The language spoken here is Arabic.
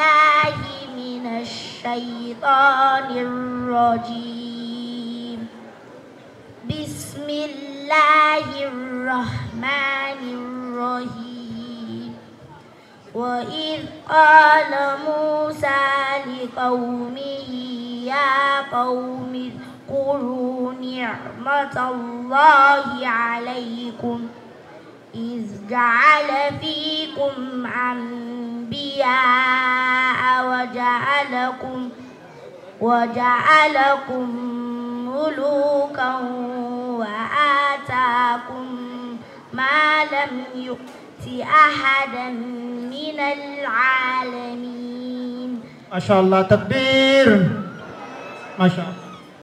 بالله من الشيطان الرجيم بسم الله الرحمن الرحيم وإذ قال موسى لقومه يا قوم اذكروا نعمة الله عليكم إذ جعل فيكم عم وجعلكم وجعلكم ملوكا وآتاكم ما لم يؤت أحدا من العالمين ما شاء الله تكبير ما شاء الله